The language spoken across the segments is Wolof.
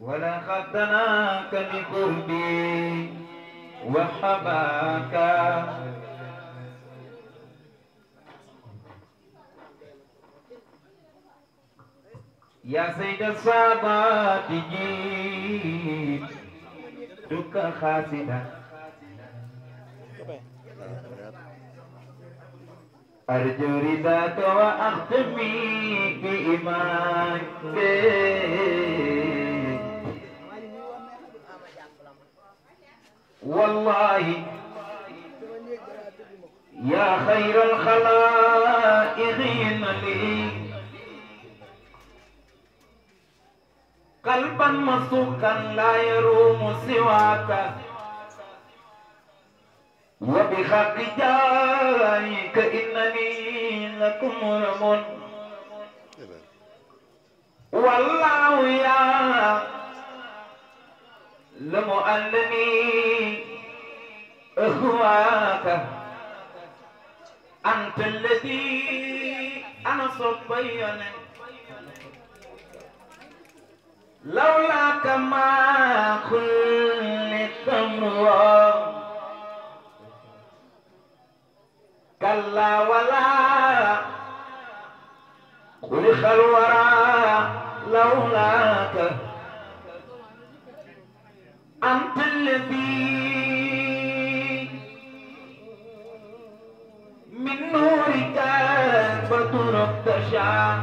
ولقد دناك بقربي وحباك يا سيد الصادات جئتك خاسدا أرجو رداك وأختمي بإيمانك والله يا خير الخلائقين لي قلبا مسوكا لا يروم سواك وبحق جايك إنني لكم رمون والله يا لمؤلمي أخواك أنت الذي أنا صبيان لولاك ما كل تمر كلا ولا قل خلورا لولا أنت الذي من نورك بدر ابتشع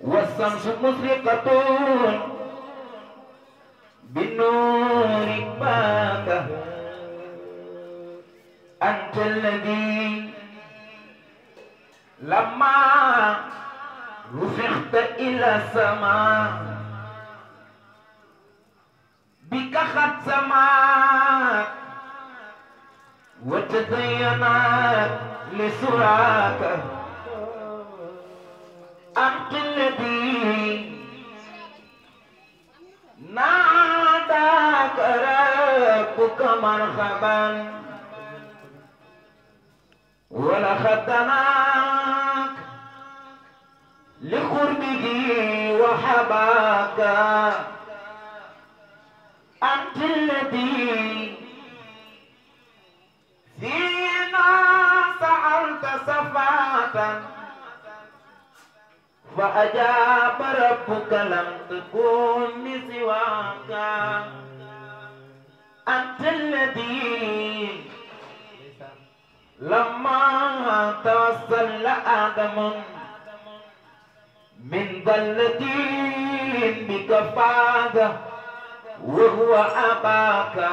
والشمس مشرقة بنور باك أنت الذي لما رفعت إلى السماء بك قد سمعت وتزينت لسراك أنت الذي ناداك ربك مرحبا ولخدناك لقربه وحباك أنت الذي فينا سألت صفاة فأجاب ربك لم تكن سواك أنت الذي لما توصل آدم من ضلة بك فاده وهو أباك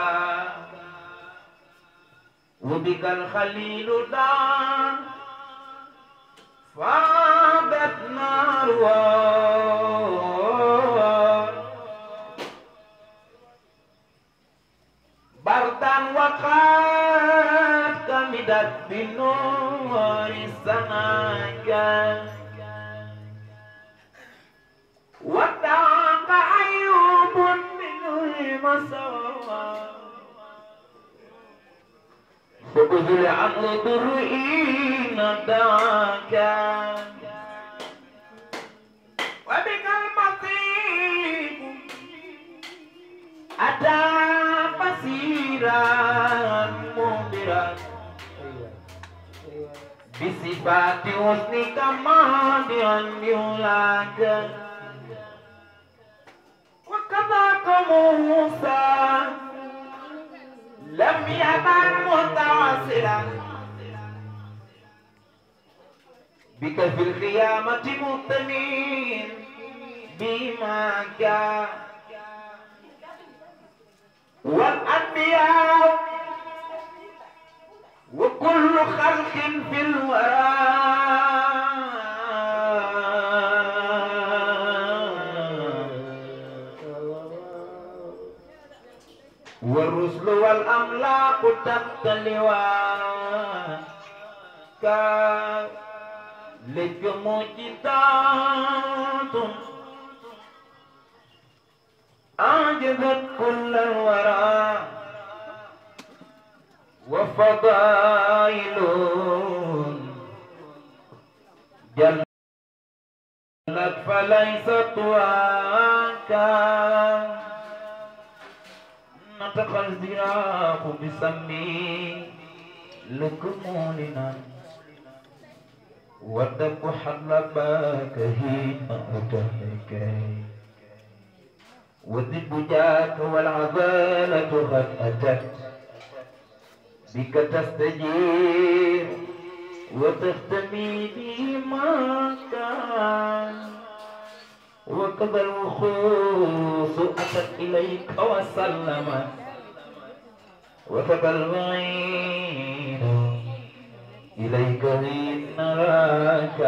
وبك الخليل دان فاضت نار بردا وقد كمدت بنور السنايا وخذ العقل بالرئين دعاك وبك المطيب أتى بصيرا مبرا بصفات حسنك ماضيا يولاك وكذاك موسى لم يبعد متواصلا بك في القيامة مهتمين بما كان والأنبياء وكل خلق في الورى والأملاك تحت لواك لك معجزات أعجبت كل الورى وفضائل جلت فليست واكا نطق الزراق بسمي لكمولنا ودب حلبك هيما أتهك والذب جاك والعضالة قد أتت بك تستجير وتختمي بما كان وكما الوخوص أتت إليك وسلمت وكما الوعيد إليك حين نراك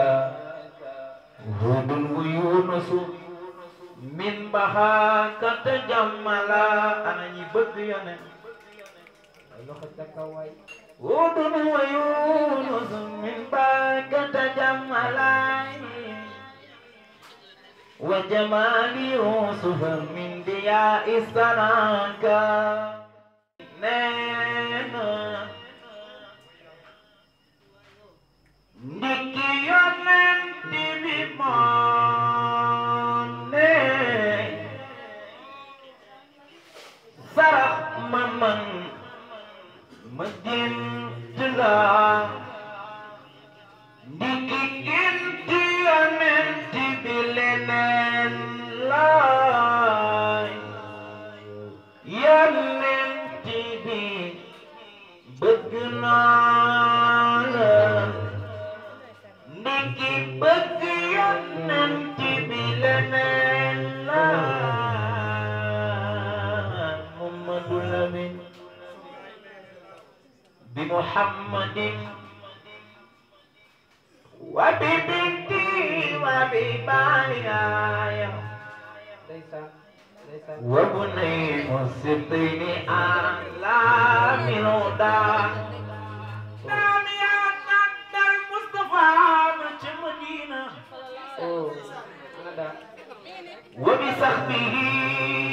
هود ويونس من بهاك تجملا أنا يبقى يونس هود ويونس من بهاك تجملا وجمال يوسف من ضياء سراكا نانا نكي يونتي بماني سرق ممن مدين جلا نكي كنتي محمد وببنتي وببناي وبني مسطين أعلى من هدى سامية عبد المصطفى مج مدينة وبصحبه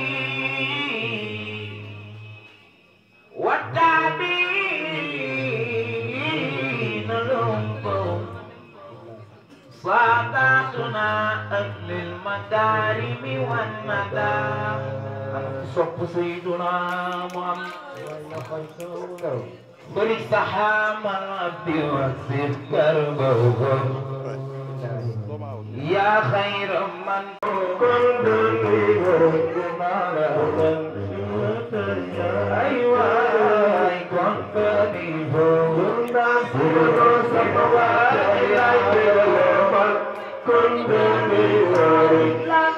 صنع أكل المدارم والندام أنا تصب سيدنا محمد بري سحامة بيوسف قربه يا خير من قلبي وقنا له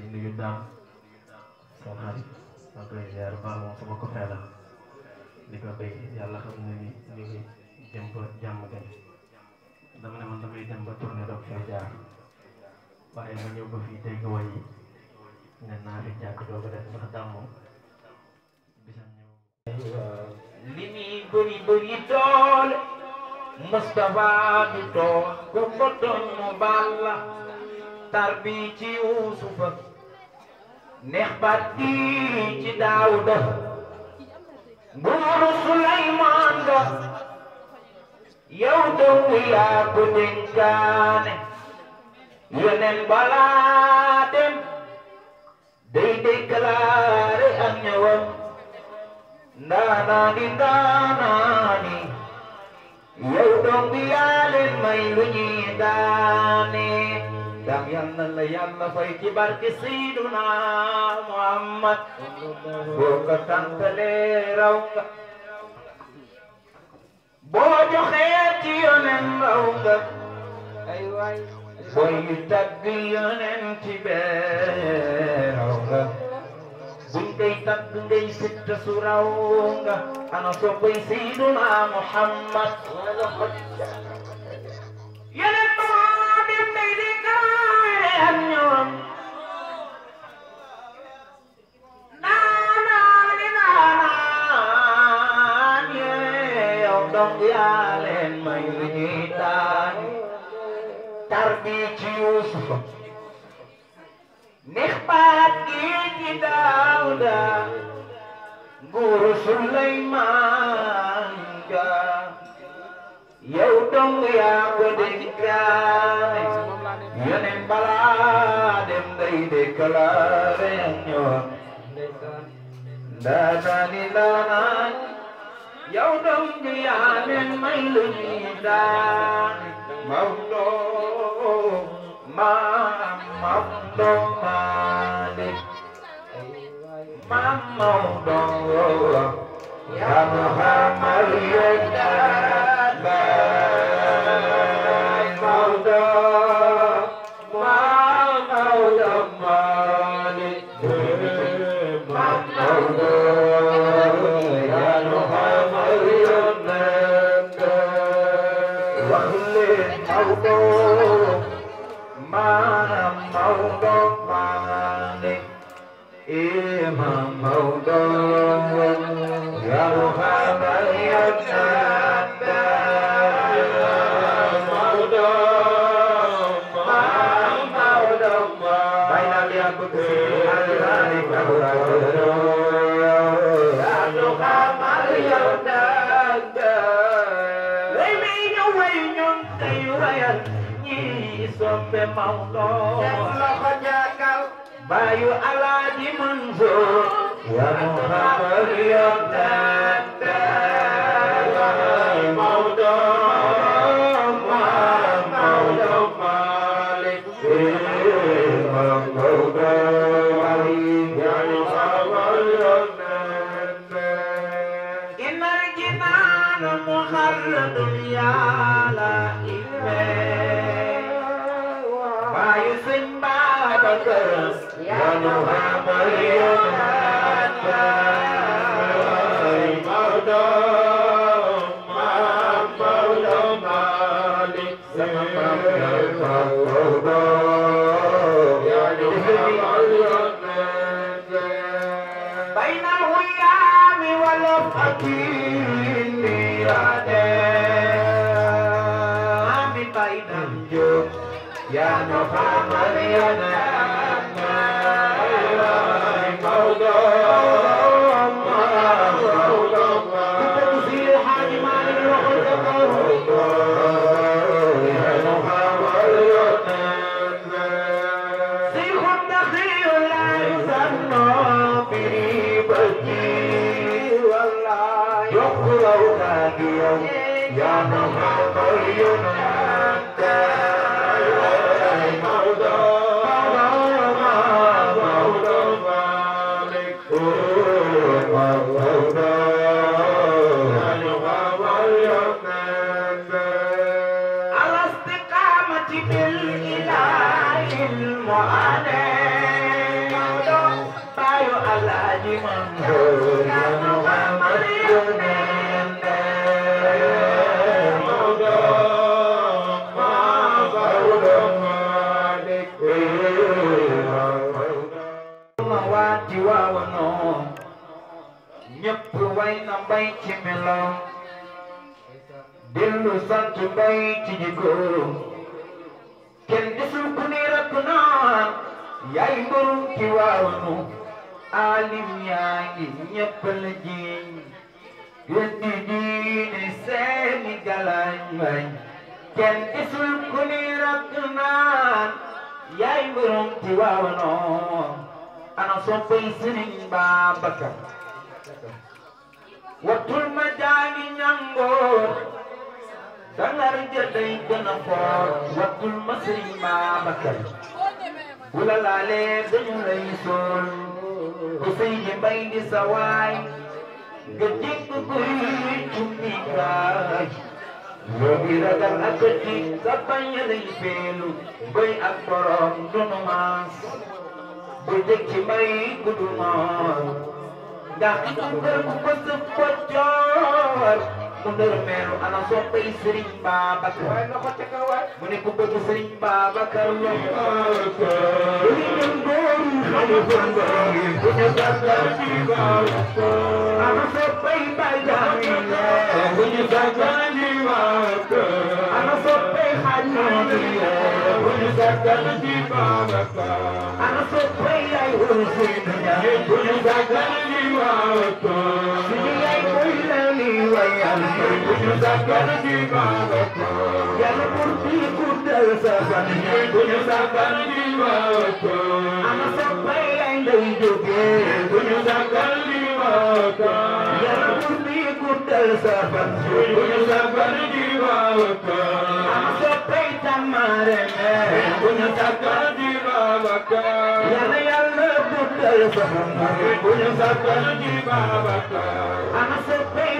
li nuyu daam seen xarit maa ngi lay ziar ko béy yàlla xam na ni ñu ba jàmm dama ne man damay dem ba tourné doog fee jaar waaye ma ñëw ba fii dégg way yi ne naa fi jàkk doog def ndax daam moom bisam ñëw li muy bëri bëri doole Moustapha du toog ko ko doon mu baal la tar bi ci Yuusufa neex baat bii ci daawuda nguuru sulaymaan ga yow yaa ko dénkaane yoneen balaa dem day déclaré ak ñëwam ndaanaani ndaanaani yow dong yaa leen may lu ñuy dam yal na la yàlla fay ci barke Seyduna Muhammad boo ko tantalee raw nga boo joxee ci yonen raw nga ay waay booy tagg yonen ci bee raw nga buñ koy tagg ngay sitt su raw nga ana soppay Seyduna Muhammad yeneen Sulaiman ga yow dong yaa ko dégg balaa dem day déclaré ñoo daanaani daanaan yow dong yaa leen may lu ñuy daan Maodo maam Maodo Malick maam Maodo yaa ma xamal yéen soppe mawdo def loxo jàngal bayu alaaji Mansour ya Muhammad yoon Ya no family, ya no rak ci jikkoom kenn desul ku ne rak naan yaay mburu ci waawnu alim yaa ngi ñëpp la jiiñ weddi diine seeni galañ may kenn desul ku ne rak naan yaay mburu ci waawnu ana soppay sëriñ Babacar wattul ma jaani ñangoor dangar jëlay gën a foor wattul ma sëriñ Babacar bu la laalee dañu lay sool ku sëy di bay di sa waay nga kuy cumbi kaay loo ngi ragal ak di sa bañ lay feelu bay ak borom dunu maas bu jëg ci may gudu moon ndax ku kër bu ko sëf Ndoro meeru ana soppay Serigne Babacar waaye loxo ca kaw waay mu ne ku bëgg Serigne Babacar lo ana soppay Baay Jaami ana soppay Xaaj I'm so paid.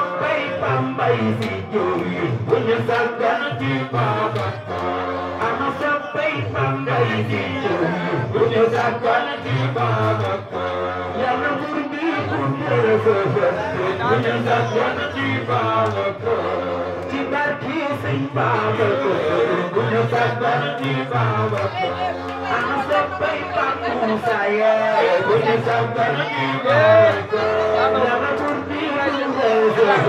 bàyyi fi jiw yi bu ñu sàggan ci baba ana soppay mam bàyyi fi jiw yi bu ñu sàggan ci baba yàlla bur bi kun yàlla sëfa bu ñu sàggan ci baba ci barki sëñ baba bu ñu sàggan ci baba ana soppay mam Musa ye bu ñu sàggan ci baba يا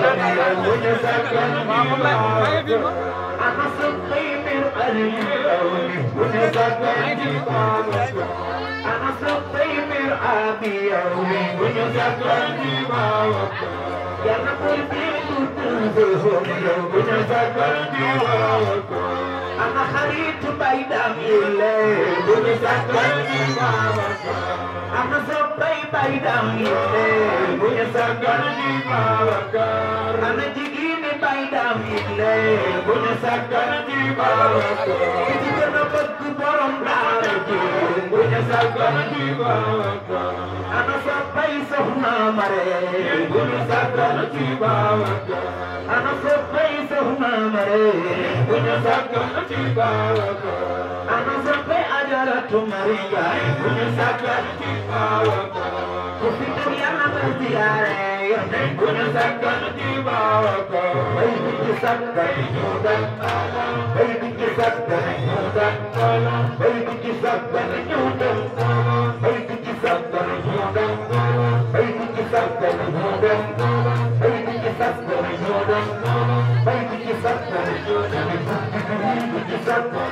رب البيت أنا خريت بيدام إلي بني سكرني بابا أنا صبي بيدام إلي بني سكرني بابا أنا جيجيني بيدام إلي بني سكرني بابا كتير نبض برم دارجي ana fa bay soxna mare bulu sagal ci bawaka ana fa bay soxna mare bulu sagal ci bawaka ana fa bay ajaratu maria bulu sagal ci bawaka ko fitam yana ziyaare bulu sagal ci bawaka bay bi sagal ci bawaka bay bi sagal ci bawaka bay bi sagal ci bawaka Thank you.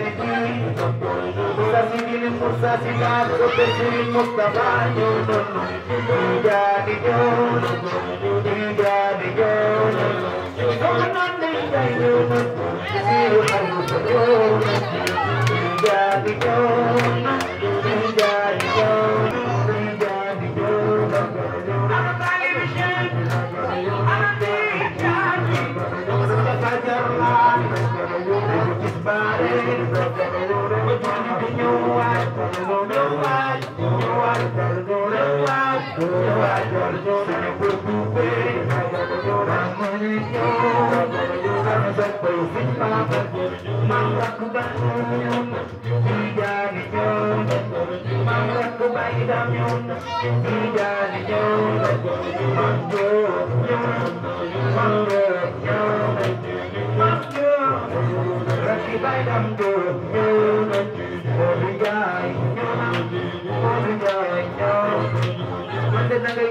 مستسيد الفرصة سيدات قدس المصطفى يونون رجال يونون رجال يونون سبحان الله يونون سيد الحرب يونون رجال يونون Bye, I'm good. Oh, the guy.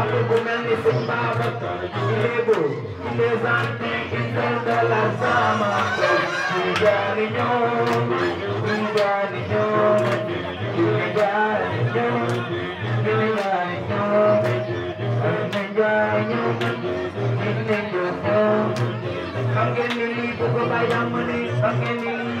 amul ku mel ni sëñ Babacar lébu les antiques qui sont de la Zamango ñu jaari ñoo ñu jaari ñoo ñu jaari ñoo ñu jaari ñoo ñu jaari ñoo ñu jaari ñoo xam ngeen ni lii bu ko bàyyi am ni xam ngeen ni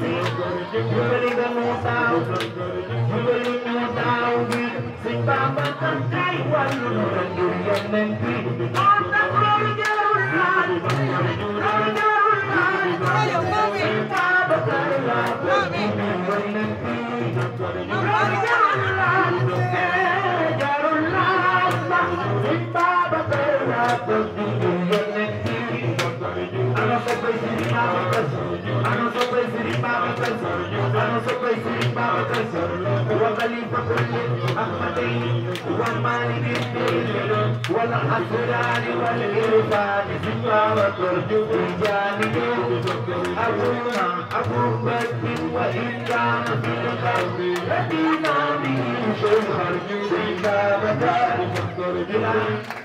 si jubali nga mu daaw jubali mu daaw bi si Bamba kan kay wàllu lu la ñu yemeen bi moo tax loolu jarul laal loolu jarul laal si Bamba kan la wàllu lu yemeen bi loolu jarul laal jarul laal si Bamba kan la wàllu lu yemeen bi soppay Serigne Babacar Sy ana soppay Serigne Babacar Sy ana soppay Serigne Babacar Sy wa khalifa kulli ahmadin wa maliki din wal hasrani wal irfani Serigne Babacar jubbi jani abuna abu bakri wa indana fil qalbi radina bi shaykh Serigne Babacar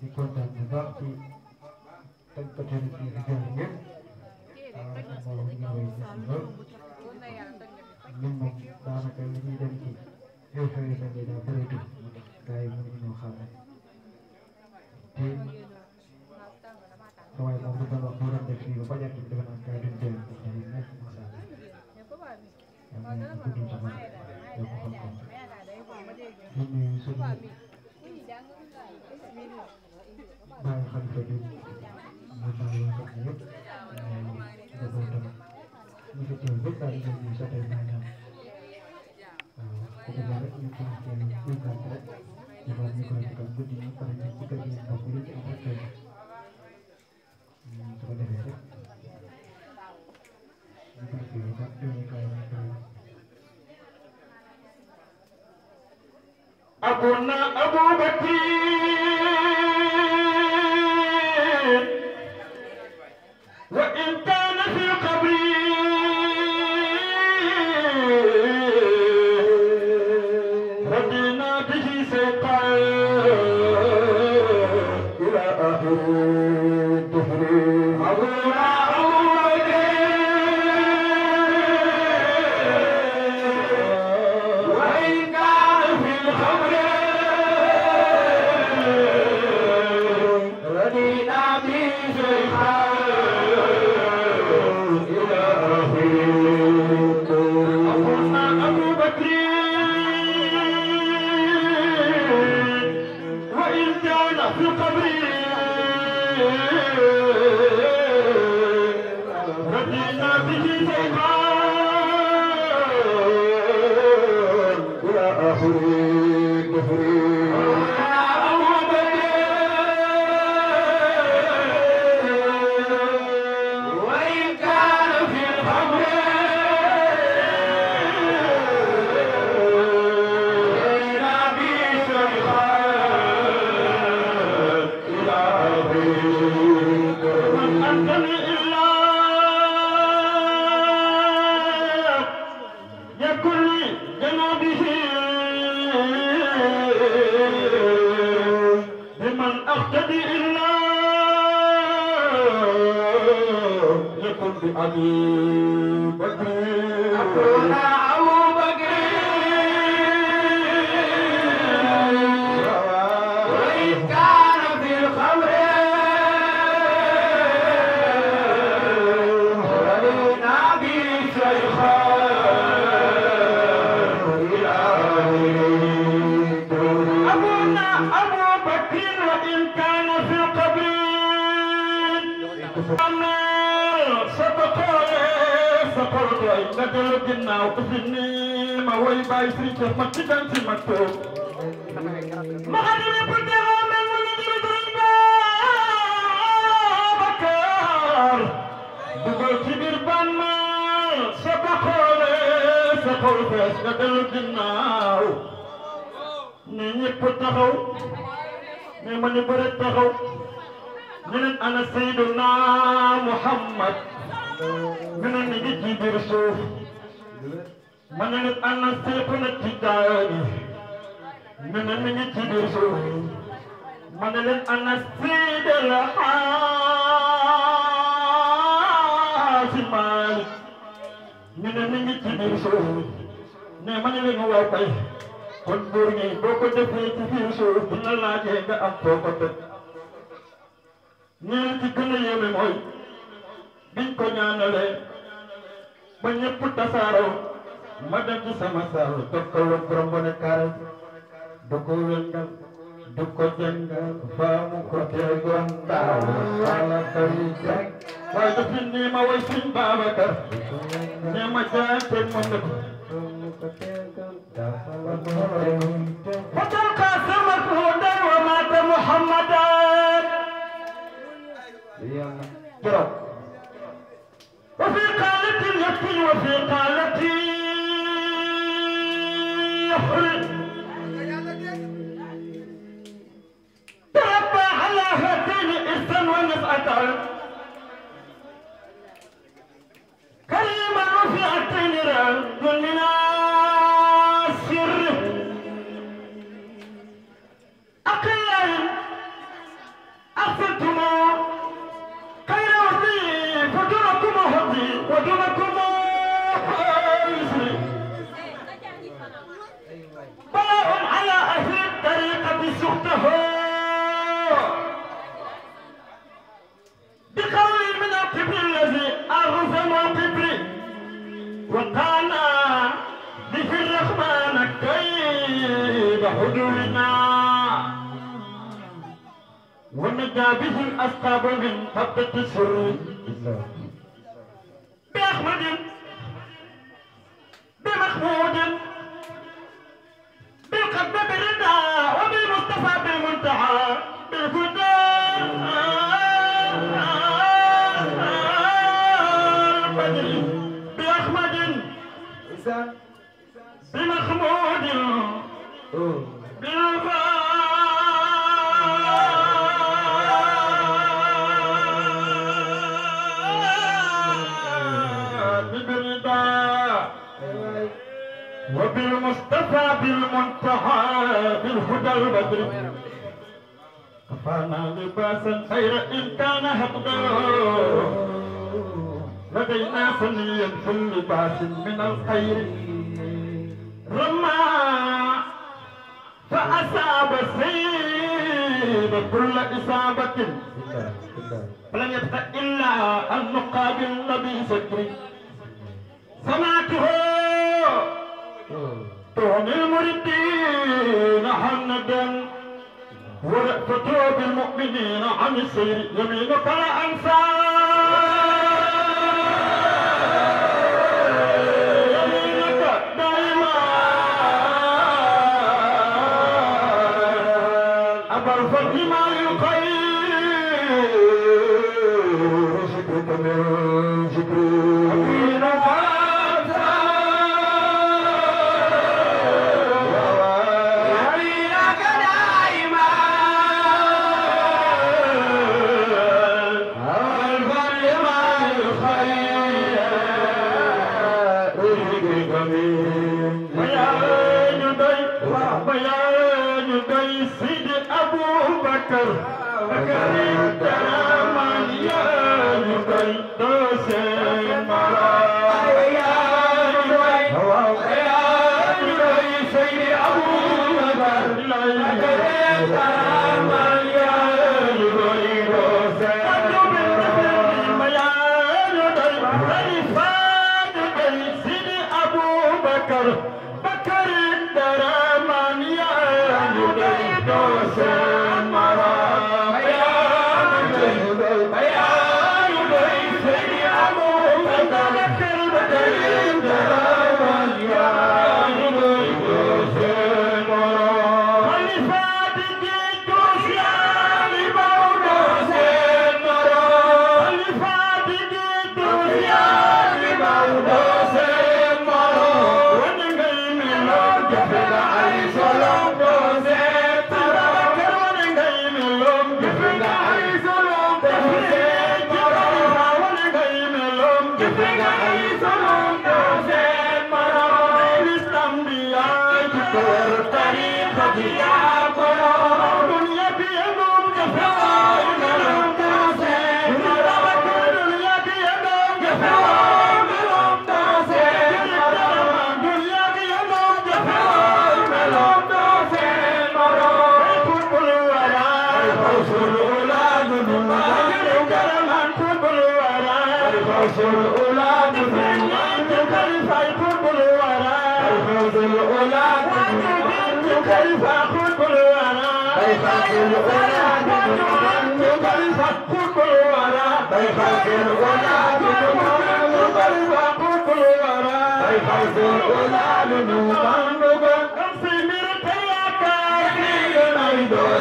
di kontaan bu baax ci tabbatar da rigar yin a wani mawai da su zai yin nan daanaka li ñuy dem ci ay xewee sa ngay daa bëreetu moo tax gars yi mënuñu ñoo xam te waaye moom bu doon wax boo doon def fii ba bañ a tudd defe naa gars yi duñ teel ndax dañuy nekk macha allah yàlla nañu gudd sama yokk xam-xam ñu nuyu suñu bàyyi xalifa bi kàddu gi ñu jotee maa ngi am waaw ku ko def rek ñu ko ñu ko rek ñu ko ñu ko defal guddi ñu pare ñu ci kër gi ñu bokk lu ci am ak kër gi su ko defee rek ñu ko defee ba ñu ko ñu ko أبونا أبو بكر dellu ginnaaw ku fi nii ma woy bàyyi si kër ma ci gan si ma toog. ma xam ne bu delloo mel mu ne di Sëriñ Babacar. dugal ci biir ban ma sa baxoole sa xol fees nga dellu ginnaaw. ne ñëpp taxaw. ne ma ñu bëre taxaw. ñu ne ana Seydina Muhammad. ñu ne ñu ngi ci biir suuf. man nag am na seetu nag ci daani ñu ne mi ngi ci biir suuf man na leen am na seede la xaasi Maalik ñu ne mi ngi ci biir suuf ne man leen waaw kay kon góor ñi boo ko defee ci biir suuf bu la laajee nga am foo ko teg ñeel ci gën a yéeme mooy biñ ko ñaanalee ba ñëpp tasaaroo ma dem ci sama saal tokkaloo borom bo ne kaare du ko wëngal du ko jëngal faamu ko teegoon daaw wala koy jag waaye dafi nii ma way sin Babacar ne ma jaante moom ne ko فتلك سمت هدى ومات محمدا قالتي وفي قالتي يحرق تربى على هاتين إرثا ونفأة كريما وفي هاتين رجلنا هدونا ومجابه الأسقاب من قبضة السر حسن خير إن كان حقده لدينا فنيا في اللباس من الخير رمى فأصاب السيد كل إصابة فلم يبق إلا أن نقابل النبي سكري صنعته تغني المردين وجئت بالمؤمنين عن السير يمين فلا أنسان door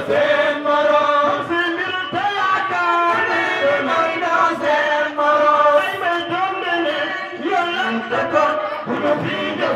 Sen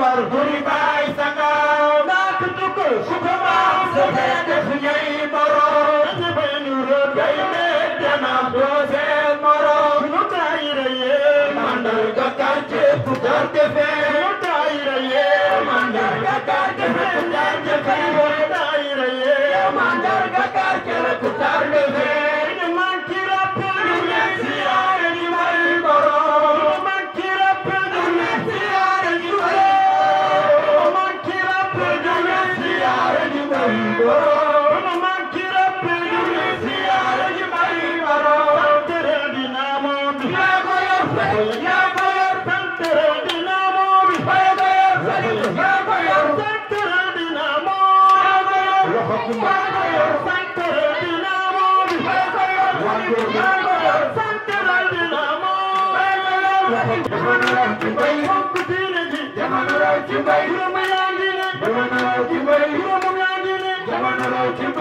war buri baay sanga nak tukul xubama so def ñay moro ci bayni ro gay me dana do seen moro ñu tayira ye mandal ga karce pu dar defe ñu tayira ye mandal ga karce pu dar defe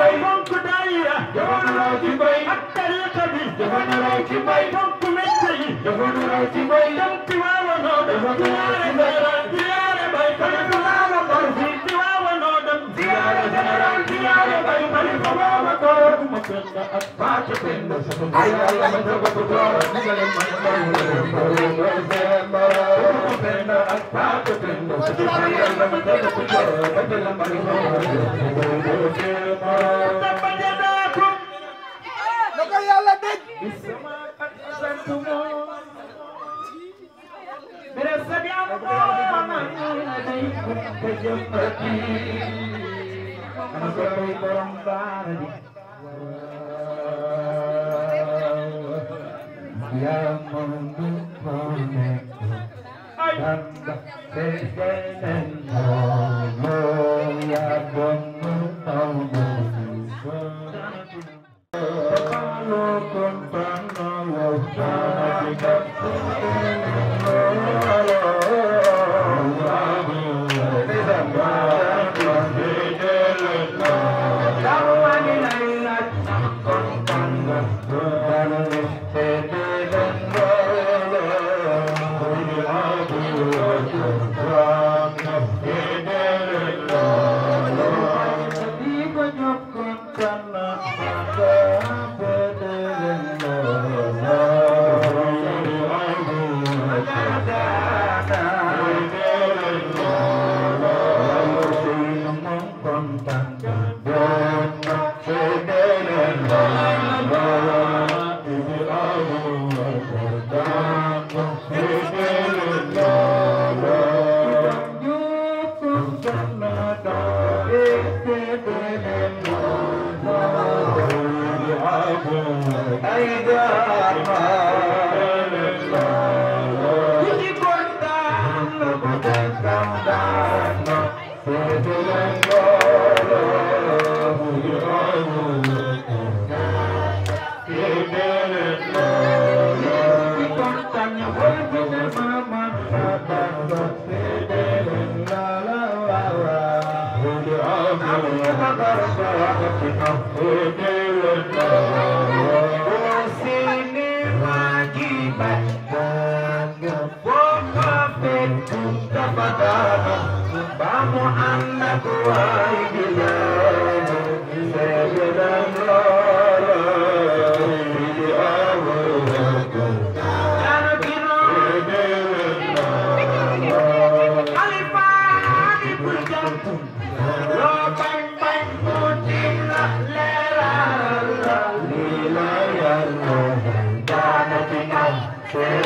bay fonk daayira dafa nu raw ci bay ak tariqa bi dafa nu raw ci bay fonk métier yi dafa nu raw ci bay dem ci waawanoo dafa nu raw ci bay تور مكندا أتباك بند أي الله مدرب تور نجل بند أتباك بند أي الله مدرب تور نجل لقد يلا دج بالسماء قد أحسنتموه برسل يا الله من يديكم تجمعين borom daara ji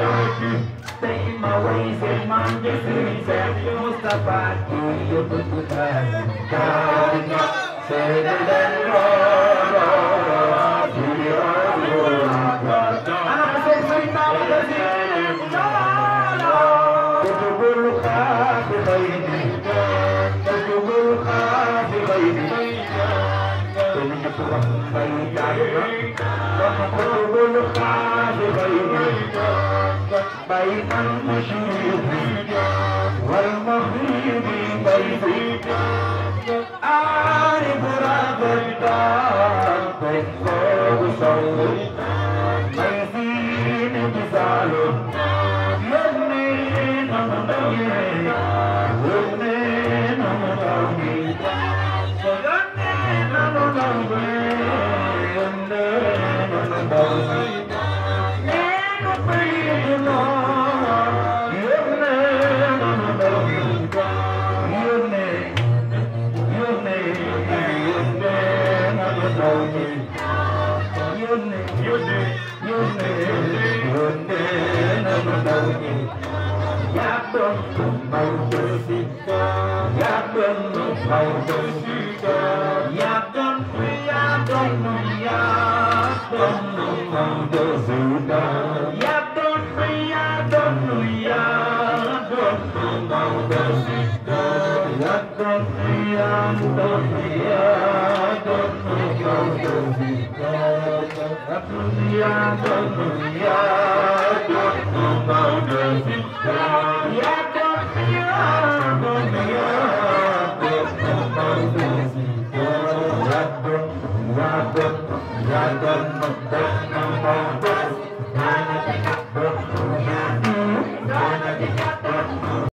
baki Stay my way, say my business Say you Mustafa, you put the time Karika, say the بين المشرق والمغرب بيتك أعرف رغبتك تحفظ صوتك Yeah.